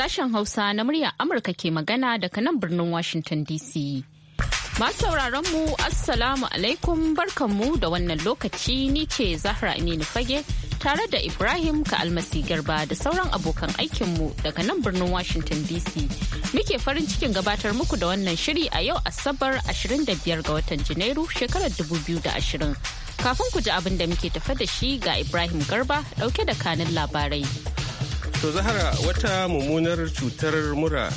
Sashen Hausa na muryar Amurka ke magana daga nan birnin Washington DC. Masu sauraron mu Assalamu alaikum barkanmu da wannan lokaci ni ce Zahra Aminu Fage tare da Ibrahim ka almasi garba da sauran abokan aikinmu daga nan birnin Washington DC. Muke farin cikin gabatar muku da wannan shiri a yau Asabar 25 ga watan Janairu shekarar 2020. Kafin ku ji abin da muke tafa da shi ga Ibrahim Garba dauke da kanin labarai. To Zahara wata mummunar cutar mura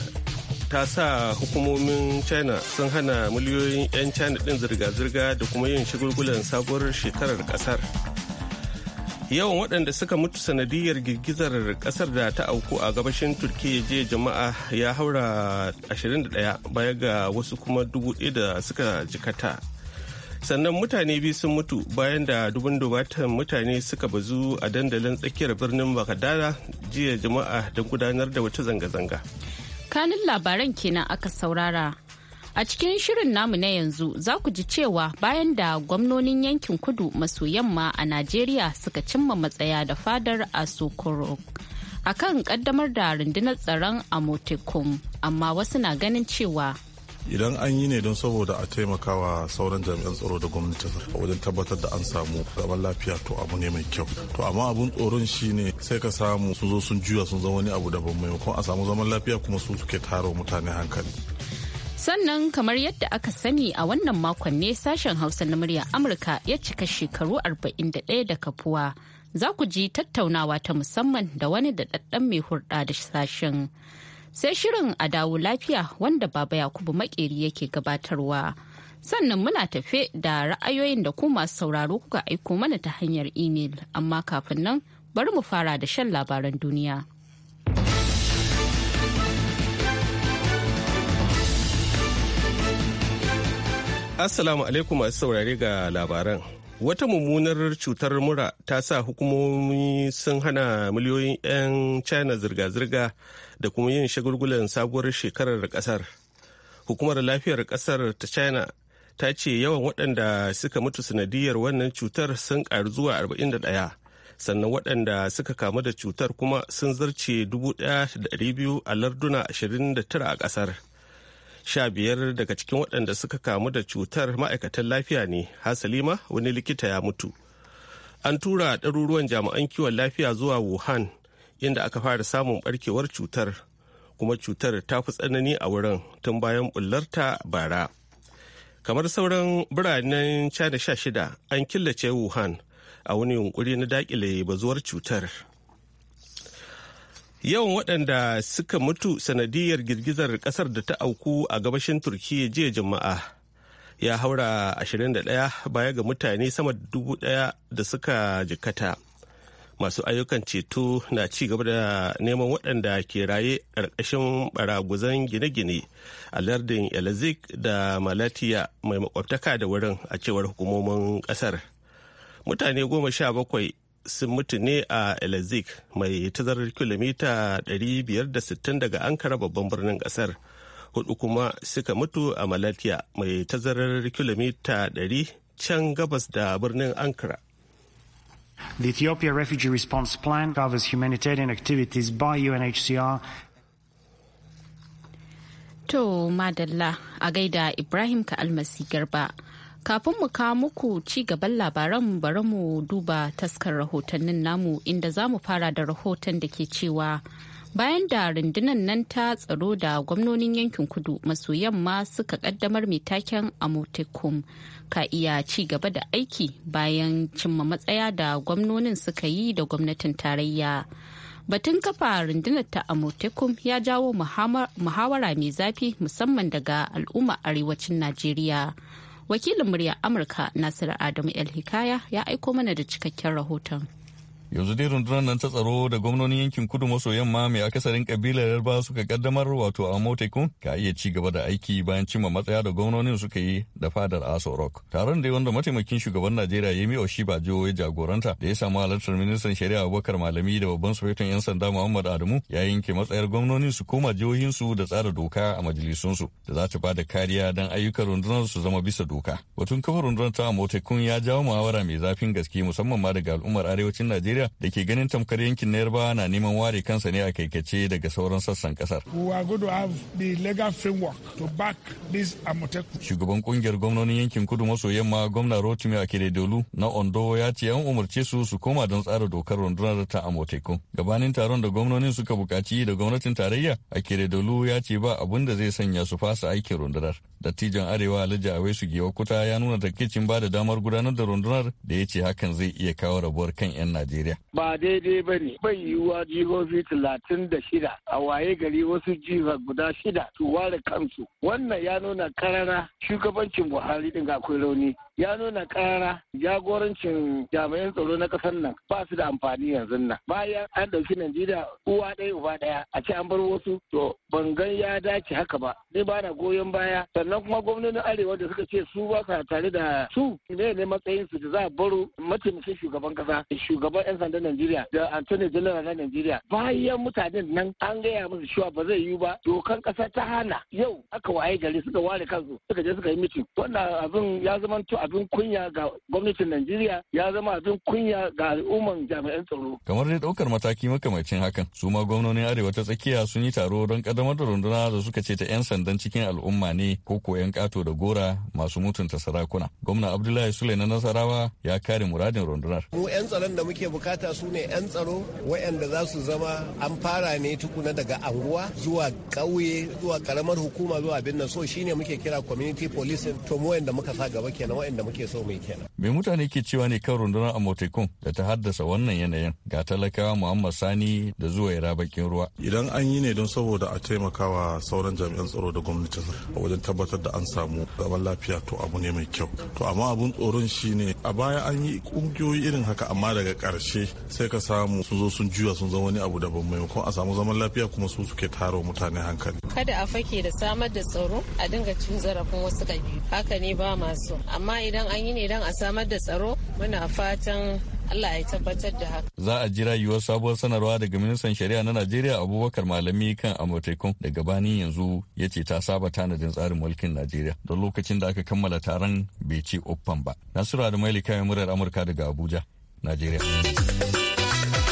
ta sa hukumomin China sun hana miliyoyin 'yan China ɗin zirga-zirga da kuma yin shigulgulan sabuwar shekarar ƙasar. Yawan waɗanda suka mutu sanadiyar girgizar ƙasar da ta auku a gabashin Turkiyya je jama'a ya haura 21 baya ga wasu kuma dubu da suka jikata sannan mutane biyu sun mutu bayan da dubun dubatan mutane suka bazu a dandalin tsakiyar birnin bakadara jiya jama'a don gudanar da wata zanga-zanga kanin labaran kenan aka saurara A cikin shirin namu na yanzu za ku ji cewa bayan da gwamnonin yankin kudu maso yamma a Najeriya suka cimma matsaya da fadar a A kan kaddamar da rundunar tsaron Amotekum, amma wasu na ganin cewa idan an yi ne don saboda a taimaka wa sauran jami'an tsaro da gwamnati wajen tabbatar da an samu zaman lafiya to abu ne mai kyau to amma abun tsoron shi ne sai ka samu sun zo sun juya sun zama wani abu daban maimakon a samu zaman lafiya kuma su suke taro mutane hankali sannan kamar yadda aka sani a wannan makon ne sashen hausa na murya amurka ya cika shekaru 41 da kafuwa za ku ji tattaunawa ta musamman da wani da daɗaɗɗen mai hurɗa da sashen sai shirin a dawo lafiya wanda baba yakubu makeri yake gabatarwa sannan muna tafe da ra'ayoyin da kuma masu sauraro kuka aiko mana ta hanyar imel amma kafin nan bari mu fara da shan labaran duniya assalamu alaikum masu saurare ga labaran wata mummunar cutar mura ta sa hukumomi sun hana miliyoyin 'yan china zirga-zirga da kuma yin shagulgulan sabuwar shekarar kasar hukumar lafiyar kasar ta china ta ce yawan waɗanda suka mutu sanadiyar wannan cutar sun ƙaru zuwa 41 sannan waɗanda suka kamu da cutar kuma sun zarce 1,200 a larduna 29 a ƙasar. sha biyar daga cikin waɗanda suka kamu da cutar ma'aikatan lafiya ne hasalima wani likita ya mutu an tura ɗaruruwan jami'an kiwon lafiya zuwa wuhan inda aka fara samun barkewar cutar kuma cutar ta fi tsanani a wurin tun bayan bullarta bara kamar sauran biranen china shida an killace wuhan a wani yunkuri na dakile bazuwar cutar yawan waɗanda suka mutu sanadiyar girgizar ƙasar da ta auku a gabashin turkiyya jiya juma'a ya haura 21 baya ga mutane sama da dubu ɗaya da suka jikata masu ayyukan ceto na ci gaba da neman waɗanda ke raye ƙarƙashin baraguzan gine-gine a lardin elizik da malatiya mai makwabtaka da wurin a cewar hukumomin ƙasar mutane goma sha bakwai sun mutu ne a elizik mai tazarar kilomita 560 daga ankara babban birnin ƙasar hudu kuma suka mutu a malatiya mai tazarar kilomita 100 can gabas da birnin ankara The Ethiopia Refugee Response Plan covers humanitarian activities by UNHCR. To Madalla a gaida Ibrahim ka almasi garba. Kafin mu kawo muku ci gaban labaran bari mu duba taskar rahotannin namu inda za mu fara da rahoton da ke cewa bayan da rundunar nan ta tsaro da gwamnonin yankin kudu maso yamma suka kaddamar mai taken amotekum ka iya ci gaba da aiki bayan cimma matsaya da gwamnonin suka yi da gwamnatin tarayya batun kafa rundunar ta amotekum ya jawo muhawara mai zafi musamman daga al'umma arewacin najeriya wakilin murya amurka nasiru adamu el hikaya ya aiko mana da cikakken rahoton yanzu dai rundunar nan ta tsaro da gwamnonin yankin kudu maso yamma mai akasarin kabilar yarba suka kaddamar wato a motekun ka iya ci gaba da aiki bayan cimma matsaya da gwamnonin suka yi da fadar aso rock taron da wanda mataimakin shugaban najeriya yemi oshiba jo ya jagoranta da ya samu halartar ministan shari'a abubakar malami da babban sufetin yan sanda muhammad adamu ya yanke matsayar gwamnonin su koma jihohinsu da tsara doka a majalisunsu da za ta ba da kariya don ayyukan rundunar su zama bisa doka batun kafa rundunar ta motekun ya jawo muhawara mai zafin gaske musamman ma daga al'ummar arewacin najeriya Najeriya da ke ganin tamkar yankin na Yarbawa na neman ware kansa ne a kaikace daga sauran sassan kasar. Shugaban kungiyar gwamnonin yankin kudu maso yamma gwamna Rotimi Akeredolu na Ondo ya ce an umarce su su koma don tsara dokar rundunar ta Amotekun. Gabanin taron da gwamnonin suka bukaci da gwamnatin tarayya Akeredolu ya ce ba abin da zai sanya su fasa aikin rundunar. Dattijan Arewa Alhaji Awesu Giwakuta ya nuna takicin ba da damar gudanar da rundunar da ya ce hakan zai iya kawo rabuwar kan 'yan Najeriya. Najeriya. Ba daidai ba ne, yi yiwuwa jihohi talatin da shida a waye gari wasu jiha guda shida su ware kansu. Wannan ya nuna karara shugabancin Buhari din akwai rauni. ya nuna ƙara jagorancin jami'an tsaro na kasar nan ba su da amfani yanzu nan bayan an ɗauki najeriya uwa ɗaya uba ɗaya a ce an bar wasu to ban gan ya dace haka ba ni ba na goyon baya sannan kuma gwamnonin arewa da suka ce su ba sa tare da su ne ne matsayin su da za a baro mataimakin shugaban kasa shugaban yan sandan najeriya da antony general na najeriya bayan mutanen nan an gaya musu cewa ba zai yiwu ba dokan kasa ta hana yau aka waye gari suka ware kansu suka je suka yi mitin wannan abin ya zama to abin kunya ga gwamnatin Najeriya ya zama abin kunya ga al'umman jami'an tsaro. Kamar dai ɗaukar mataki makamacin hakan, su ma gwamnonin Arewa ta tsakiya sun yi taro don kaddamar da runduna da suka ce ta 'yan sandan cikin al'umma ne ko ko 'yan ƙato da gora masu mutunta sarakuna. Gwamna Abdullahi Sule na Nasarawa ya kare muradin rundunar. Mu 'yan tsaron da muke bukata su ne 'yan tsaro waɗanda za su zama an fara ne tukuna daga anguwa zuwa ƙauye zuwa ƙaramar hukuma zuwa abin nan so shine muke kira community policing to mu waɗanda muka sa gaba kenan inda muke so mu kenan Me mutane ke cewa ne kan rundunar Amotekun da ta haddasa wannan yanayin ga talakawa Muhammad Sani da zuwa ya bakin ruwa. Idan an yi ne don saboda a taimakawa sauran jami'an tsaro da gwamnati wajen tabbatar da an samu zaman lafiya to abu ne mai kyau. To amma abun tsoron shi ne a baya an yi kungiyoyi irin haka amma daga karshe sai ka samu sun zo sun juya sun zama wani abu daban maimakon a samu zaman lafiya kuma su suke taro mutane hankali. Kada a fake da samar da tsaro a dinga cin zarafin wasu kabi haka ne ba masu amma idan an yi ne don a samu samar da tsaro muna fatan Allah ya tabbatar da haka. Za a jira yiwuwar sabuwar sanarwa daga ministan shari'a na Najeriya Abubakar Malami kan Amurtaikon da gabanin yanzu ya ce ta saba tanadin tsarin mulkin Najeriya don lokacin da aka kammala taron bai ce uffan ba. Nasiru da Maili kayan murar Amurka daga Abuja, Najeriya.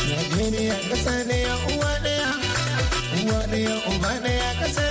Najeriya ƙasa ya uwa ɗaya, uwa ɗaya uba ɗaya ƙasa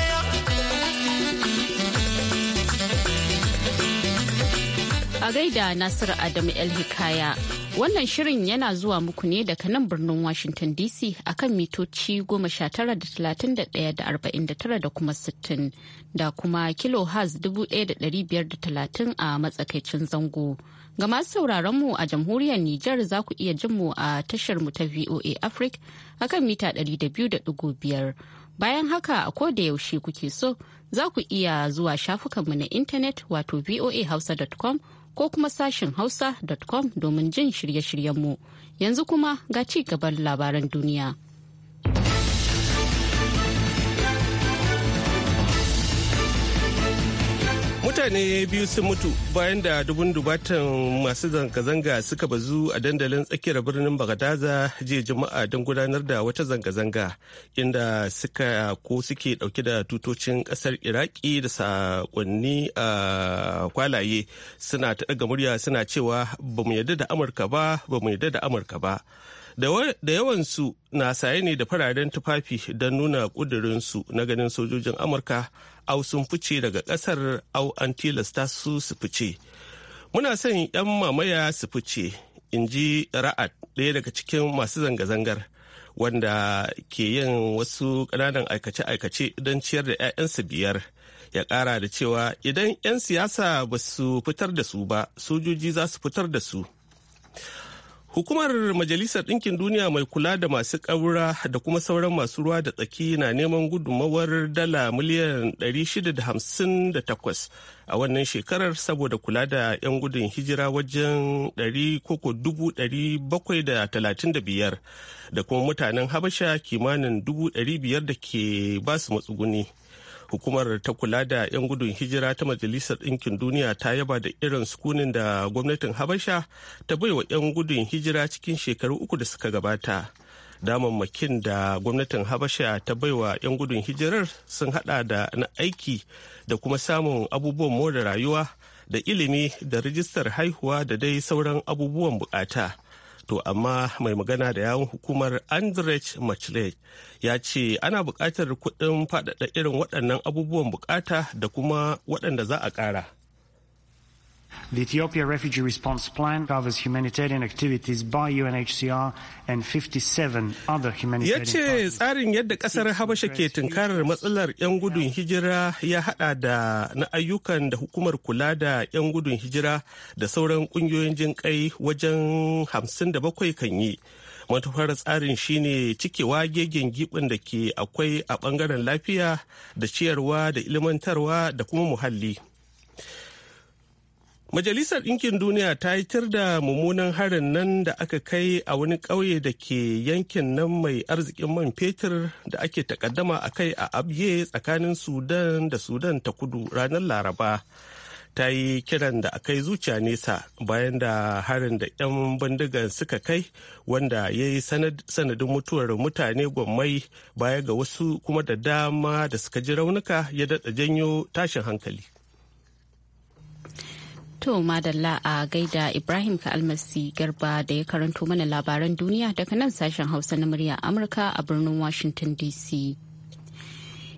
labarai da nasir Adamu El Hikaya. Wannan shirin yana zuwa muku ne daga nan birnin Washington DC akan mitoci 19,31,49 da kuma 60 da kuma 1,530 a matsakaicin zango. Ga masu sauraron mu a jamhuriyar Nijar za ku iya jin mu a tashar mu ta VOA Africa akan mita 200.5. Bayan haka a ko da yaushe kuke so za ku iya zuwa shafukanmu na intanet wato voahausa.com ko kuma sashin hausa.com domin jin shirye-shiryenmu. Yanzu kuma ga ci gaban labaran duniya. mutane biyu sun mutu bayan da dubun dubatan masu zanga-zanga suka bazu a dandalin tsakiyar birnin bagadaza jiya juma'a don gudanar da wata zanga-zanga inda suka ko suke dauke da tutocin kasar iraki da sakonni a kwalaye suna ta daga murya suna cewa ba mu yadda da amurka ba ba mu yadda da amurka ba da yawansu na saye ne da fararen tufafi don nuna ƙudurinsu na ganin sojojin amurka au sun fice daga ƙasar au an tilasta su su fice muna son 'yan mamaya su fice in ji ra'ad ɗaya daga cikin masu zanga-zangar wanda ke yin wasu ƙananan aikace-aikace don ciyar da 'ya'yansu biyar ya ƙara da cewa idan 'yan siyasa ba su fitar da su ba sojoji za su fitar da su Hukumar Majalisar Ɗinkin Duniya mai kula da masu ƙaura da kuma sauran masu ruwa da tsaki na neman gudunmawar dala miliyan 658 a wannan shekarar saboda kula da 'yan gudun hijira wajen 735 da kuma mutanen Habasha kimanin 500 da ke basu matsuguni. hukumar ta kula da 'yan gudun hijira ta majalisar ɗinkin duniya ta yaba da irin sukunin da gwamnatin habasha ta baiwa 'yan gudun hijira cikin shekaru uku da suka gabata damammakin da gwamnatin habasha ta baiwa 'yan gudun hijirar sun hada da na aiki da kuma samun abubuwan more rayuwa da ilimi da rijistar haihuwa da dai sauran abubuwan bukata. to amma mai magana da yawun hukumar andrej machle ya ce ana buƙatar kuɗin faɗaɗa irin waɗannan abubuwan buƙata da kuma waɗanda za a ƙara The Ethiopia Refugee Response Plan covers humanitarian activities by UNHCR and 57 other humanitarian. Ya tsarin yadda kasar Habasha ke tunkarar matsalar 'yan gudun hijira ya hada da na ayyukan da hukumar kula da 'yan gudun hijira da sauran kungiyoyin jin kai wajen 57 kan yi. Matufar tsarin shine cikewa gegen gibin da ke akwai a bangaren lafiya da ciyarwa da ilmantarwa da kuma muhalli. Majalisar Ɗinkin Duniya ta yi tir da mummunan harin nan da aka kai a wani ƙauye da ke yankin nan mai arzikin man fetur da ake takaddama a kai a abye tsakanin Sudan da Sudan ta kudu ranar Laraba. Ta yi kiran da aka yi zuciya nesa bayan da harin da 'yan bindigan suka kai wanda ya yi sanadin mutuwar mutane gwammai baya ga wasu kuma da dama da suka ji raunuka ya daɗa janyo tashin hankali. To madalla a gaida Ibrahim ka almasi garba da ya karanto mana labaran duniya daga nan sashen Hausa na murya Amurka a birnin Washington DC.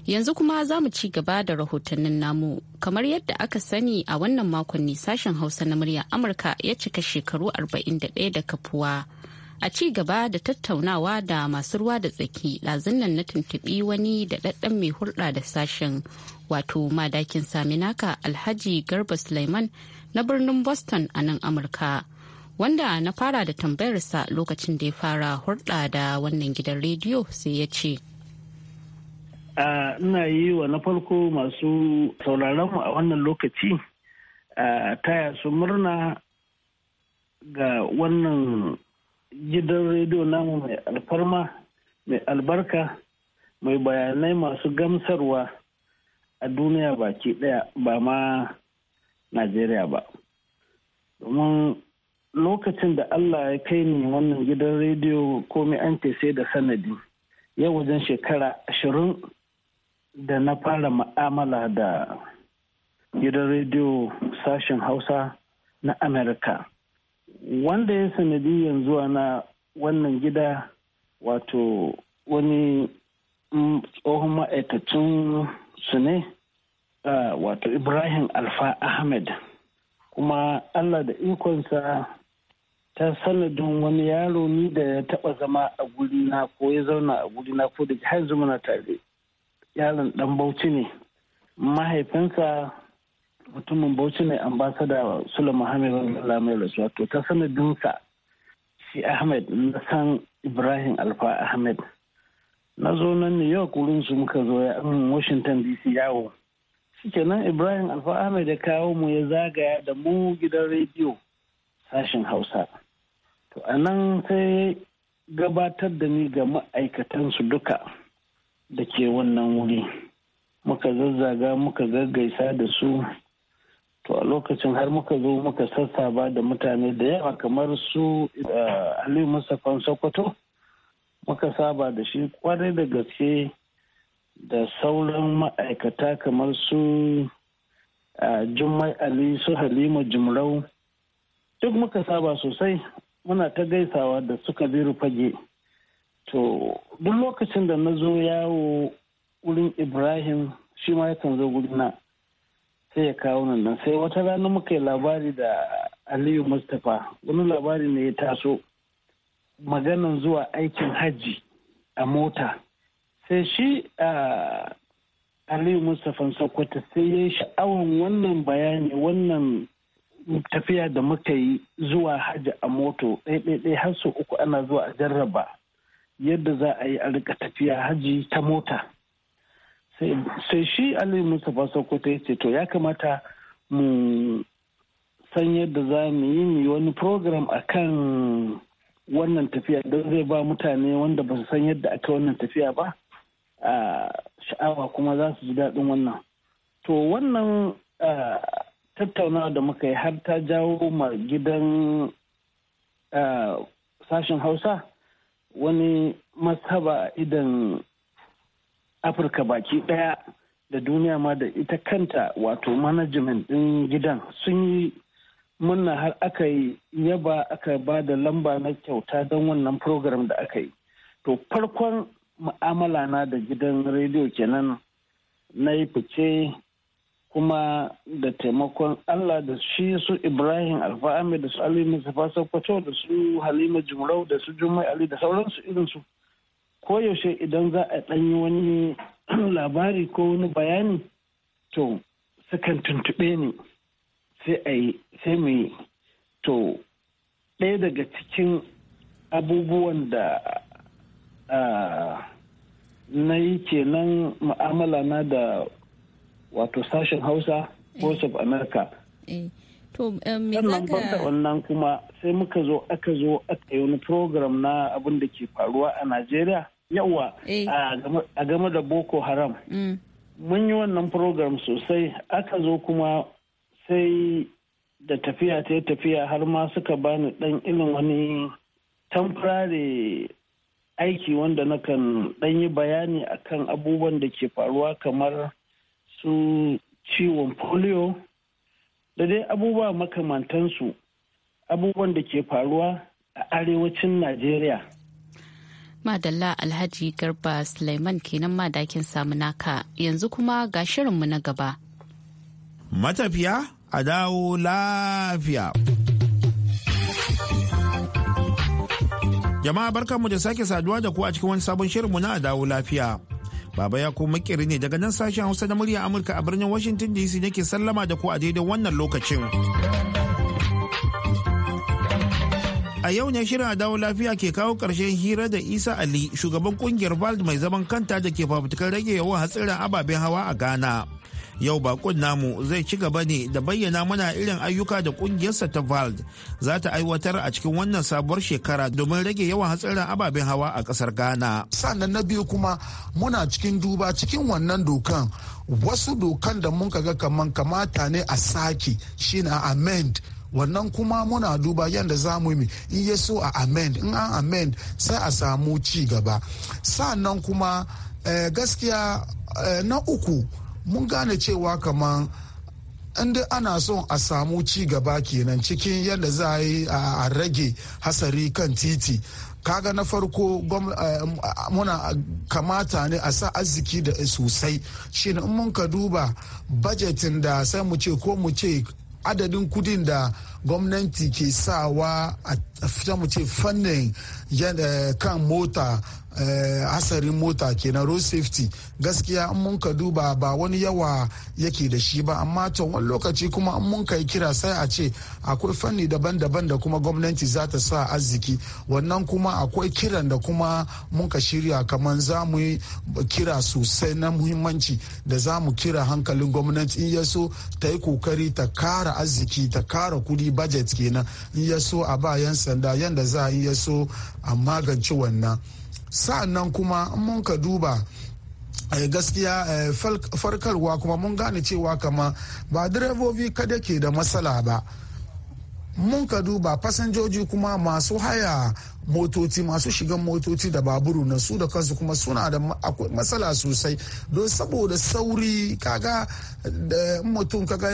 Yanzu kuma za mu ci gaba da rahotannin namu. Kamar yadda aka sani a wannan makon ne sashen Hausa na murya Amurka ya cika shekaru 41 da kafuwa. A ci gaba da tattaunawa da masu ruwa da tsaki nan na tuntuɓi wani da ɗaɗɗan mai hulɗa da sashen wato madakin saminaka Alhaji Garba Sulaiman na birnin Boston a nan Amurka. Wanda na fara da tambayarsa lokacin da ya fara hulɗa da wannan gidan rediyo sai ya ce. Ina yi wa na farko masu sauraronmu a wannan lokaci taya su murna ga wannan gidan rediyo namu mai alfarma mai albarka mai bayanai masu gamsarwa a duniya baki daya ba ma najeriya ba domin lokacin da allah ya kai ni wannan gidan rediyo komai an ce sai da sanadi yau wajen shekara ashirin da na fara ma'amala da gidan rediyo sashen hausa na amerika wanda ya sanadi yanzu na wannan gida wato wani mm, tsohon ma'aikacin su ne Eh, wato ibrahim alfa ahmed kuma allah da ikonsa ta sanadin wani yaro ni da ya taba zama a guri na ko ya zauna a guri na ko da har zuma na tare yaron dan bauchi ne mahaifinsa mutumin bauchi ne ambasada sula muhammed allah mai rasuwa to ta sanadinsa shi ahmed na san ibrahim alfa ahmed na zo nan new york wurin su muka zo ya washington dc yawo kenan ibrahim alfa ahmed ya kawo mu ya zagaya da mu gidan rediyo sashen hausa to a nan sai gabatar da ni ga ma'aikatansu duka da ke wannan wuri muka zazzaga muka gaggaisa da su to a lokacin har muka zo muka sassaba da mutane da yawa kamar su eh, aliyu musa sokoto muka saba da shi kwarai da gaske da sauran ma'aikata kamar su jummai ali su halima Jumrau duk muka saba sosai muna ta gaisawa da suka biru fage to duk lokacin da na zo yawo wurin ibrahim shi ma yakan zo gurina sai ya kawo nan sai wata rana muka yi labari da aliyu mustapha wani labari ne ya taso maganan zuwa aikin hajji a mota sai shi aliyu mustapha sokoto sai ya sha'awan wannan bayani wannan tafiya da muka yi zuwa hajji a moto ɗaiɗaiɗai har sau uku ana zuwa a jarraba yadda za a yi a rika tafiya hajji ta mota sai shi aliyu mustapha sokoto ya ce to ya kamata mu san yadda za mu yi wani program a kan wannan tafiya don zai ba mutane wanda ba su san yadda aka wannan tafiya ba sha'awa kuma za su ji daɗin wannan to wannan tattaunawa da muka yi har ta jawo ma gidan sashen hausa wani masaba idan afirka baki ɗaya da duniya ma da ita kanta wato management ɗin gidan sun yi muna har aka yi yaba aka ba da lamba na kyauta don wannan program da aka yi to farkon ma'amala na da gidan rediyo kenan na yi fice kuma da taimakon Allah da shi su Ibrahim Alfa Ahmed da su Ali Mustapha da su Halima Jumrau da su Jummai Ali da sauransu irinsu. Koyaushe idan za a ɗanyi wani labari ko wani bayani to sukan tuntuɓe ni sai a yi sai mu yi to ɗaya daga cikin abubuwan da na yi kenan mu'amala na da wato sashen hausa voice of america eh, eh. to eh, me da wannan kuma sai muka zo aka zo aka yi wani program na abin da ke faruwa a najeriya yawa a game da boko haram mm. mun yi wannan program sosai aka zo kuma sai da tafiya ta yi tafiya har ma suka bani dan ilin wani temporary aiki wanda nakan ɗan yi bayani akan abubuwan da ke faruwa kamar su ciwon polio da dai abubuwa makamantansu abubuwan da ke faruwa a arewacin najeriya madalla alhaji garba Sulaiman kenan madakin samu naka yanzu kuma ga shirinmu na gaba matafiya a dawo lafiya Jama'a mu da sake saduwa da ku a cikin wani sabon shirinmu na dawo lafiya. Baba ya ku makiri ne daga nan sashen Hausa na murya Amurka a birnin Washington DC nake sallama da ku a daidai wannan lokacin. A yau ne shirin a dawo lafiya ke kawo karshen hira da Isa Ali shugaban kungiyar VALD mai zaman kanta da ke fafutukar rage yawan hatsiran ababen hawa a Ghana. yau bakun namu zai ci gaba ne da bayyana mana irin ayyuka da kungiyarsa ta vald za ta aiwatar a cikin wannan sabuwar shekara domin rage yawan hatsarin ababen hawa a kasar ghana sannan na biyu kuma muna cikin duba cikin wannan dokan wasu dokan da mun kaga kaman kamata ne a sake shine amend wannan kuma muna duba yadda za mu yi in ya so a amend in an amend sai a samu ci gaba sannan kuma eh, gaskiya eh, na uku mun gane cewa kamar inda ana son a samu ci gaba kenan cikin yadda za a yi a rage hasari kan titi kaga na farko eh, muna kamata ne a sa arziki da e sosai shin in mun ka duba bajetin da sai mu ce ko mu ce adadin kudin da gwamnati ke sawa a fita mu ce fannin eh, kan mota Eh, hasarin mota kenan road safety gaskiya an mun ka duba ba wani yawa yake da shi ba amma to wani lokaci kuma an mun kai kira sai a ce akwai fanni daban-daban da kuma gwamnati za ta sa arziki wannan kuma akwai kiran da kuma mun ka shirya kamar za mu yi kira sosai na muhimmanci da za mu kira hankalin gwamnati in yaso so ta yi kokari ta kara arziki ta kara kudi budget kenan in ya a ba yan sanda yanda za a in ya so a magance wannan sa'annan kuma mun ka duba eh, gaskiya eh, farkarwa kuma mun gane cewa kama ba direbobi kada ke da matsala ba mun ka duba fasinjoji kuma masu haya motoci masu shigan motoci da baburu na su da kansu kuma suna da matsala sosai don saboda sauri kaga da mutum kaga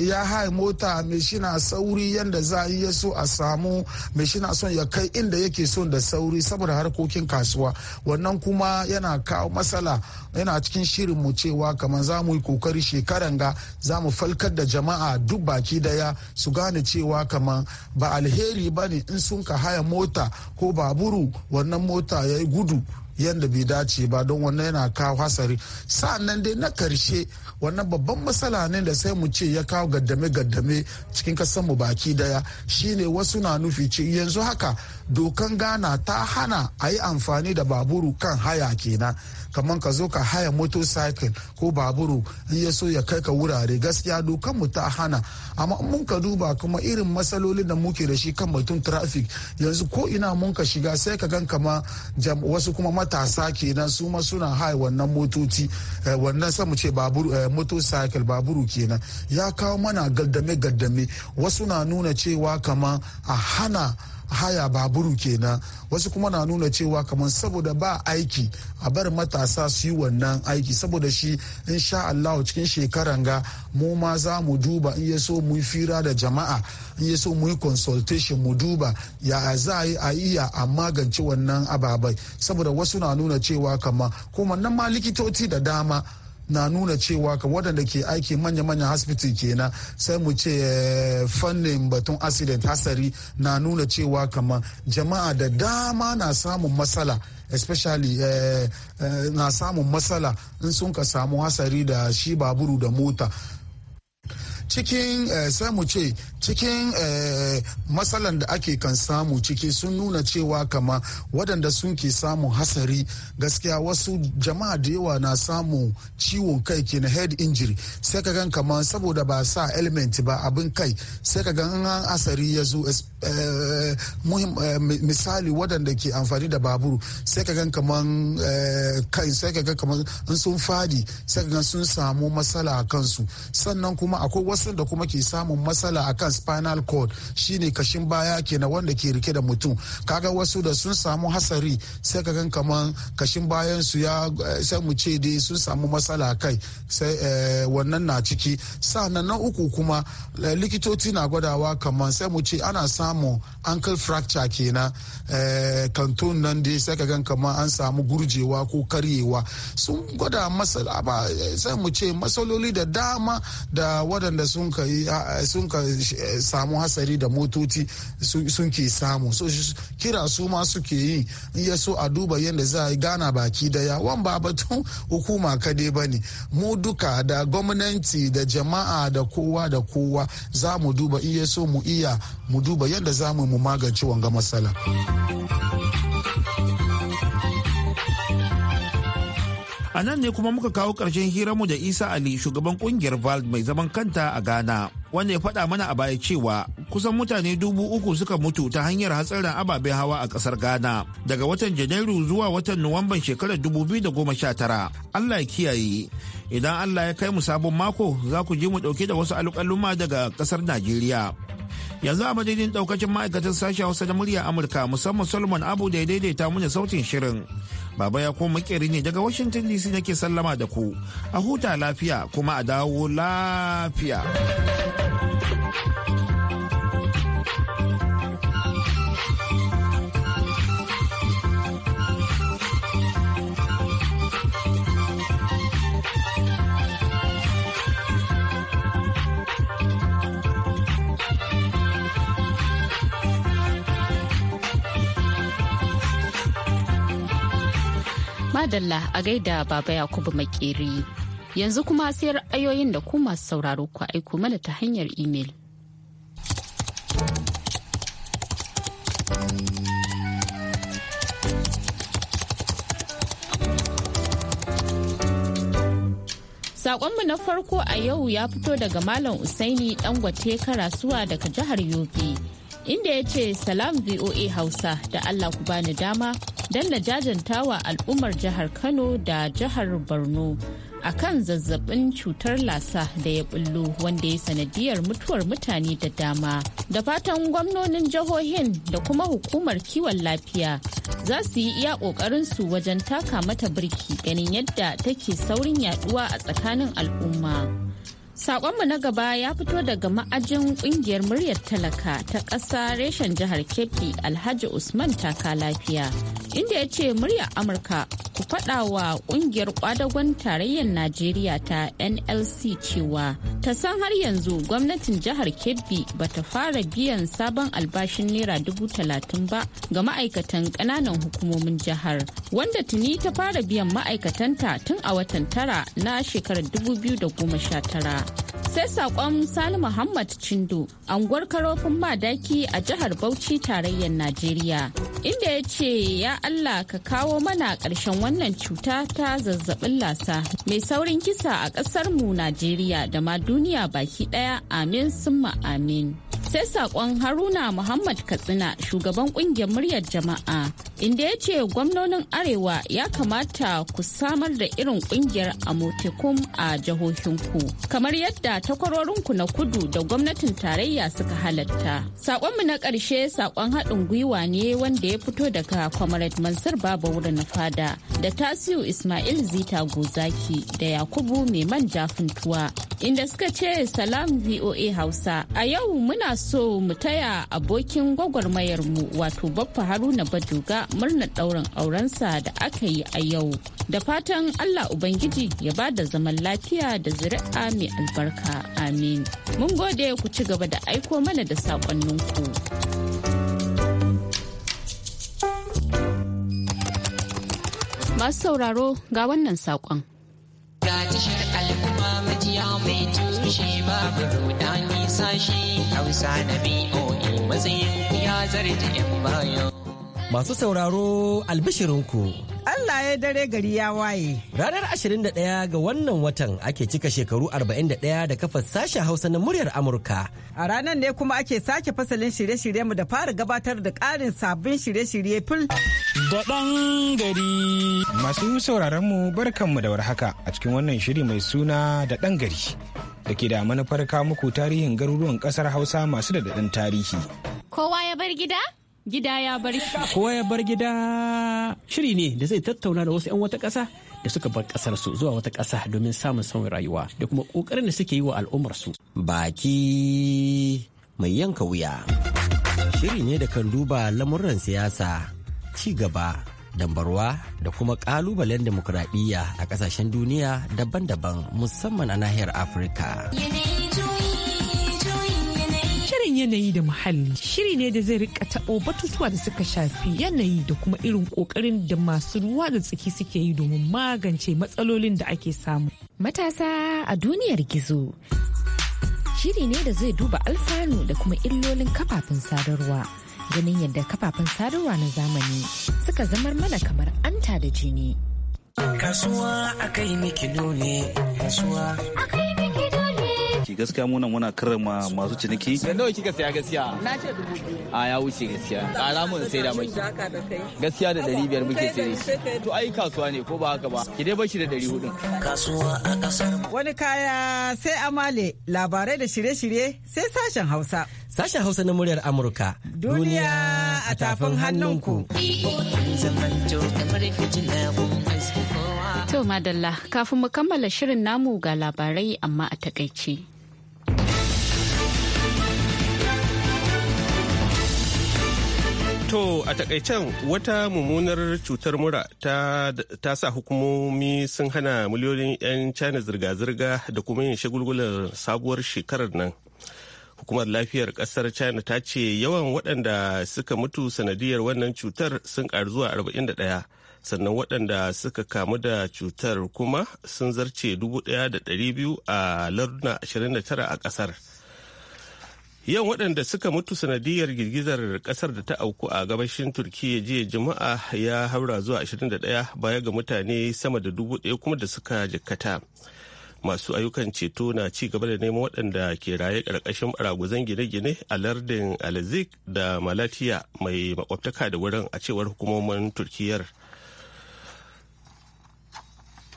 ya haye mota mai shi na sauri yadda za a yi so a samu mai shina na son ya kai inda yake son da sauri saboda harkokin kasuwa wannan kuma yana kawo matsala yana cikin shirin mu cewa kamar za mu yi kokari shekaran ga za mu falkar da jama'a duk baki daya su gane cewa kamar ba alheri ba ne in sun ka haya mota ko baburu wannan mota ya yi gudu yadda bai dace ba don wannan yana kawo hasari sa'annan dai na karshe wannan babban matsala ne da sai mu ce ya kawo gaddame-gaddame cikin kasar mu baki daya shine wasu na nufi ce yanzu haka dokan gana ta hana a yi amfani da baburu kan haya kenan kamar ka zo ka haya motorcycle ko baburu in ya so ya kai ka wurare gaskiya dokan mu ta hana amma mun ka duba kuma irin matsalolin da muke da shi kan batun traffic yanzu ko ina mun ka shiga sai ka gan kama wasu kuma matasa kenan su ma suna haya wannan motoci eh, wannan sai mu ce baburu eh, motorcycle baburu kenan ya kawo mana gaddame-gaddame wasu na nuna cewa kama a hana haya baburu kenan wasu kuma na nuna cewa kamar saboda ba aiki a bar matasa su yi wannan aiki saboda shi in sha Allah cikin shekaran ga mu ma za mu duba in ya so mu fira da jama'a in ya so mu yi consultation mu duba ya za a yi a iya a magance wannan ababai saboda wasu na nuna cewa kama kuma nan ma likitoci da dama na nuna cewa ka waɗanda ke aiki manya-manyan asibiti kenan sai mu ce eh, fannin batun accident hasari na nuna cewa kama jama'a da dama na samun matsala especially eh, eh, na samun matsala in sun ka samu hasari da shi baburu da mota cikin eh, sai mu ce cikin eh, matsalan da ake kan samu ciki sun nuna cewa kama waɗanda sun ke samun hasari gaskiya wasu jama'a da yawa na samu ciwon kai ke na head injury sai ka gan kama saboda ba sa element ba abin kai sai ka gan an ya zo eh, misali waɗanda ke amfani da babur sai ka gan kaman kai sai ka gan kaman sun fadi sai ka gan sun samu matsala a kansu sannan kuma akwai wasu wasu da kuma ke samun matsala akan spinal cord shine kashin baya kenan wanda ke rike da mutum kaga wasu da sun samu hasari sai ka gan kaman kashin bayan su ya eh, sai mu ce dai sun samu matsala kai sai eh, wannan na ciki sannan na uku kuma eh, likitoci na gwadawa kaman sai mu ce ana samun ankle fracture kenan kantun nan dai sai ka gan kaman an samu gurjewa ko karyewa sun gwada ba sai mu ce masaloli da dama da waɗanda sun ka eh, samu hasari da motoci sun ke samu so kira su ma suke yi iya so a duba yadda za a gana baki daya wan ba batun hukuma kadai ba ne mu duka da gwamnati da jama'a da kowa da kowa za mu duba iya so mu iya mu duba yadda za mu magance wanga matsala. A nan ne kuma muka kawo ƙarshen mu da Isa Ali shugaban kungiyar VALD mai zaman kanta a Ghana. Wanda ya faɗa mana a baya cewa kusan mutane dubu uku suka mutu ta hanyar hatsarin ababen hawa a ƙasar Ghana daga watan Janairu zuwa watan Nuwamban shekarar dubu biyu da sha tara, Allah ya kiyaye. Idan Allah ya kai mu sabon mako za ku je mu ɗauke da wasu alƙaluma daga ƙasar Najeriya. yanzu a madadin ɗaukacin ma'aikatan sashen hausa na murya amurka musamman solomon abu da ya daidaita mana sautin shirin Baba ya ko makeri ne daga Washington DC nake sallama da ku. A huta lafiya kuma a dawo lafiya. Madalla a gaida Baba Yakubu Makeri. Yanzu kuma sai ayoyin da ku masu sauraro ku aiko mana ta hanyar imel. saƙonmu na farko a yau ya fito daga Malam Usaini Dangote Karasuwa daga jihar Yobe, inda ya ce Salam VOA Hausa da Allah ku bani dama dalla wa al'ummar jihar Kano da jihar Borno a kan zazzabin cutar lasa da ya bullo wanda ya sanadiyar mutuwar mutane da dama. Da fatan gwamnonin jihohin da kuma hukumar kiwon lafiya za su yi iya ƙoƙarinsu wajen taka mata birki ganin yadda take saurin yaduwa a tsakanin al'umma. saƙonmu na gaba ya fito daga ma'ajin ƙungiyar muryar talaka ta ƙasa reshen jihar Kebbi Alhaji Usman taka lafiya inda ya ce murya amurka ku faɗa wa ƙungiyar kwadagon tarayyar najeriya ta nlc cewa ta san har yanzu gwamnatin jihar kebbi ba ta fara biyan sabon albashin naira dubu talatin ba ga ma'aikatan ƙananan hukumomin jihar wanda tuni ta fara biyan ma'aikatanta tun a watan tara na shekarar dubu biyu da goma sha tara sai saƙon Sani muhammad chindo anguwar karofin madaki a jihar bauchi tarayyar najeriya inda ya ce ya allah ka kawo mana ƙarshen wannan cuta ta zazzabin lasa mai saurin kisa a ƙasarmu najeriya da ma duniya baki ɗaya amin summa amin sai sakon haruna muhammad katsina shugaban kungiyar muryar jama'a inda ya ce gwamnonin arewa ya kamata ku samar da irin kungiyar amotekum a jihohinku kamar yadda takwarorinku na kudu da gwamnatin tarayya suka halatta sakonmu na karshe sakon haɗin gwiwa ne wanda ya fito daga comrade mansur baba wuri na fada da tasiu ismail zita gozaki da yakubu mai manja tuwa inda suka ce salam voa hausa a yau muna so mu taya abokin gwagwarmayarmu wato Baffa Haruna Baduga murnar ɗaurin aurensa da aka yi a yau. Da fatan Allah Ubangiji ya ba da zaman lafiya da zuri'a mai albarka. Amin. Mun gode ku ci gaba da aiko mana da saƙonninku. Masu sauraro ga wannan saƙon. Ga tashar al'umma majiya mai tushe babu rudani sashi Hausa na BOA matsayin ya zarje 'yan bayan. Masu sauraro albishirinku. Allah ya dare gari ya waye. Ranar 21 ga wannan watan ake cika shekaru 41 da kafa sashen Hausa na muryar Amurka. A ranar ne kuma ake sake fasalin shirye-shirye mu da fara gabatar da ƙarin sabbin shirye-shirye fil. Da ɗan gari. Masu sauraron mu barkanmu da warhaka a cikin wannan shiri mai suna da ɗan gari. Da ke da manufar muku tarihin garuruwan ƙasar Hausa masu da tarihi. Kowa ya bar gida? gida ya bar kowa ya bar gida shiri ne da zai tattauna da wasu 'yan wata ƙasa da suka bar ƙasar zuwa wata ƙasa domin samun sauyin rayuwa da kuma ƙoƙarin da suke yi wa al'ummar baki mai yanka wuya shiri ne da kan duba lamuran siyasa ci gaba dambarwa da kuma ƙalubalen demokuraɗiyya a ƙasashen duniya daban-daban musamman a nahiyar afirka. yanayi da muhalli. Shiri ne da zai rika taɓo batutuwa da suka shafi yanayi da kuma irin ƙoƙarin da masu ruwa da tsaki suke yi domin magance matsalolin da ake samu. Matasa a duniyar gizo. Shiri ne da zai duba alfanu da kuma illolin kafafen sadarwa. Ganin yadda kafafen sadarwa na zamani suka zamar mana kamar anta da jini. Kasuwa akai miki ne, kasuwa akai ciniki gaskiya muna muna karrama masu ciniki da nawa kika saya gaskiya na ce dubu biyu a ya wuce gaskiya kara mun sai da maki gaskiya da ɗari biyar muke sai to ai kasuwa ne ko ba haka ba ki dai bashi da ɗari hudu kasuwa a ƙasar wani kaya sai amale labarai da shirye-shirye sai sashen hausa sashen hausa na muryar amurka duniya a tafin hannunku to madalla kafin mu kammala shirin namu ga labarai amma a takaice To a takaicen wata mummunar cutar mura ta, ta sa hukumomi sun hana miliyoyin 'yan China zirga-zirga da kuma yin shagulgular sabuwar shekarar nan. Hukumar lafiyar kasar China ta ce yawan waɗanda suka mutu sanadiyar wannan cutar sun ƙaru zuwa 41 sannan waɗanda suka kamu da cutar kuma sun zarce 1,200 a larduna 29 a ƙasar. Yau waɗanda suka mutu sanadiyar girgizar ƙasar da ta auku a gabashin turkiya jiya Juma'a ya haura zuwa 21 baya ga mutane sama da dubu ɗaya kuma da suka jikkata. Masu ayyukan ceto na ci gaba da neman waɗanda ke raye ƙarƙashin raguzan gine-gine a lardin Alzik da Malatiya mai makwabtaka da wurin a cewar hukumomin turkiyar.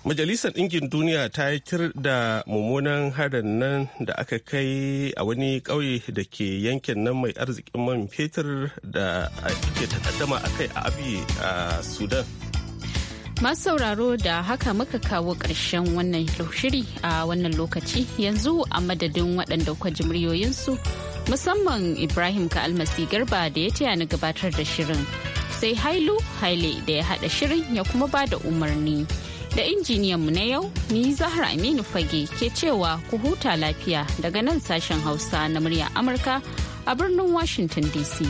Majalisar Ɗinkin Duniya ta yi kir da mummunan harin nan da aka kai a wani ƙauye da ke yankin nan mai arzikin man fetur da ke takaddama a kai a abi a Sudan. Masu sauraro da haka muka kawo ƙarshen wannan shiri a wannan lokaci yanzu a madadin waɗanda kwa jimriyoyinsu musamman Ibrahim ka almasi Garba da ya taya ni gabatar da shirin sai Hailu Haile da ya haɗa shirin ya kuma ba da umarni. da injiniyan mu na yau ni zahra aminu fage ke cewa ku huta lafiya daga nan sashen hausa na murya amurka a birnin washington dc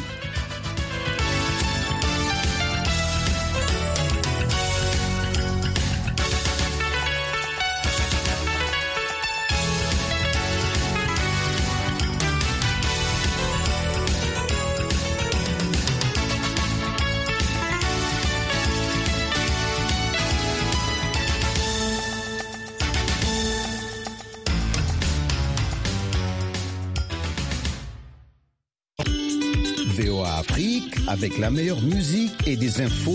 avec la meilleure musique et des infos